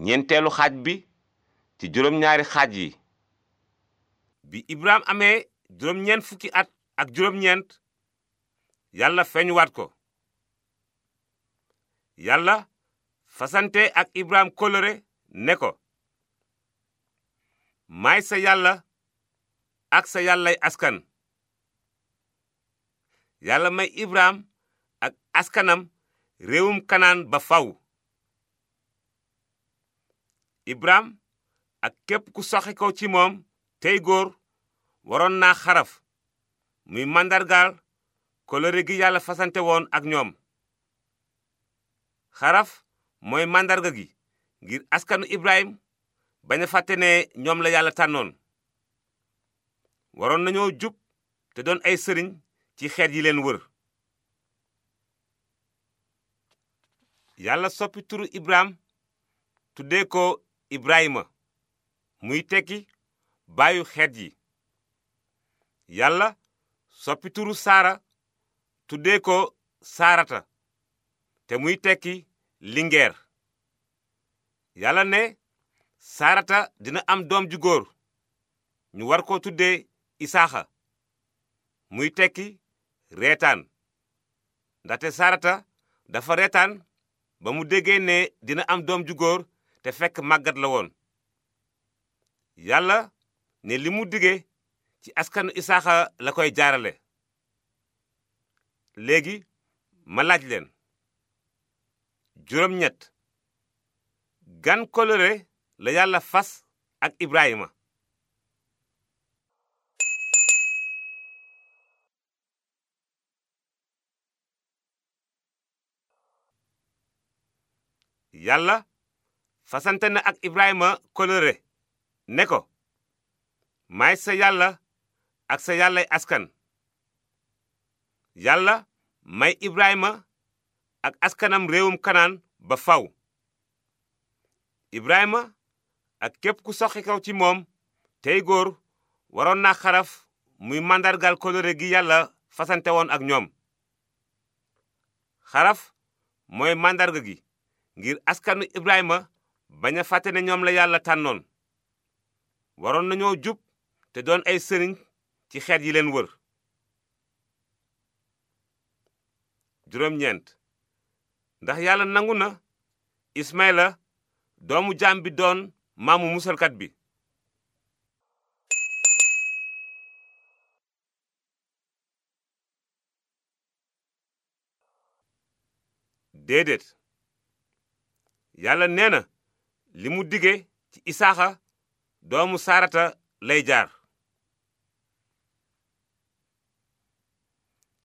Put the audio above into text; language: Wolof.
ñeenteelu xaaj bi ci juróom-ñaari xaaj yi bi ibraam amee juróom-ñeent fukki at ak juróom-ñeent yàlla feeñuwaat ko yàlla fasante ak ibraam kóllëre né ko maay sa yàlla ak sa yàllay askan yàlla may ibraam ak askanam réewum kanaan ba faw Ibrahim ak képp ku soxe ko ci moom tey góor waroon naa xaraf muy màndargaal kóllëre gi yàlla fasante woon ak ñoom xaraf mooy màndarga gi ngir askanu Ibrahim bañ a fàtte ne ñoom la yàlla tànnoon waroon nañoo jub te doon ay sëriñ ci xeet yi leen wër yàlla Ibrahima muy tekki baayu xeet yi yàlla soppi turu saara tuddee ko saarata te muy tekki lingeer yàlla ne saarata dina am doom ju góor ñu war ko tuddee isaaxa muy tekki reetaan ndaxte saarata dafa reetaan ba mu déggee ne dina am doom ju góor te fekk màggat la woon yàlla ne li mu dige ci askanu isaaxa la koy jaarale léegi ma laaj leen juróom ñett gan kolore la yàlla fas ak ibraayima yàlla fasante na ak Ibrahima kóllëre ne ko maay sa yàlla ak sa yàllay askan yàlla may Ibrahima ak askanam réewum kanaan ba faw Ibrahima ak képp ku soxi kaw ci moom tey góor waroon naa xaraf muy màndargal kóllëre gi yàlla fasante woon ak ñoom xaraf mooy màndarga gi ngir askanu Ibrahima bañ a fàtte ne ñoom la yàlla tànnoon waroon nañoo jub te doon ay sëriñ ci xeet yi leen wër juróom ndax yàlla nangu na la doomu jaam bi doon maamu musalkat bi déedéet yàlla nee na li mu dige ci isaaxa doomu sarata lay jaar